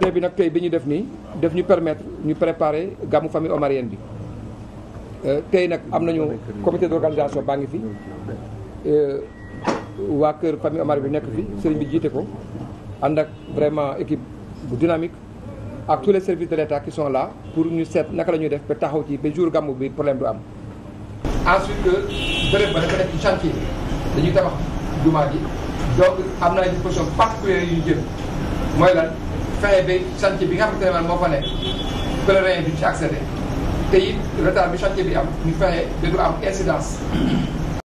tey bi nag tey bi ñu def nii def ñu permettre ñu préparer gàmmu famille omarienne bi euh, tey nag am nañu comité d'organisation baa ngi fi euh, waa kër famille omar bi nekk fi sëriñ bi jiite ko ànd ak vraiment équipe bu dynamique ak les services de l'État pour ñu seet naka la ñuy def ba taxaw ci ba jour gàmmu bi problème du am ensuite que béréb ba dafa nekk chantier dañuy tabax jumaa ji donc am na ay disposition particulière yu ñu jël mooy lan fexe ba chantier bi nga xam ne moo fa nekk pèlerin yi duñ ci accédé te it retard bi chantier bi am ñu fexe ba du am incidence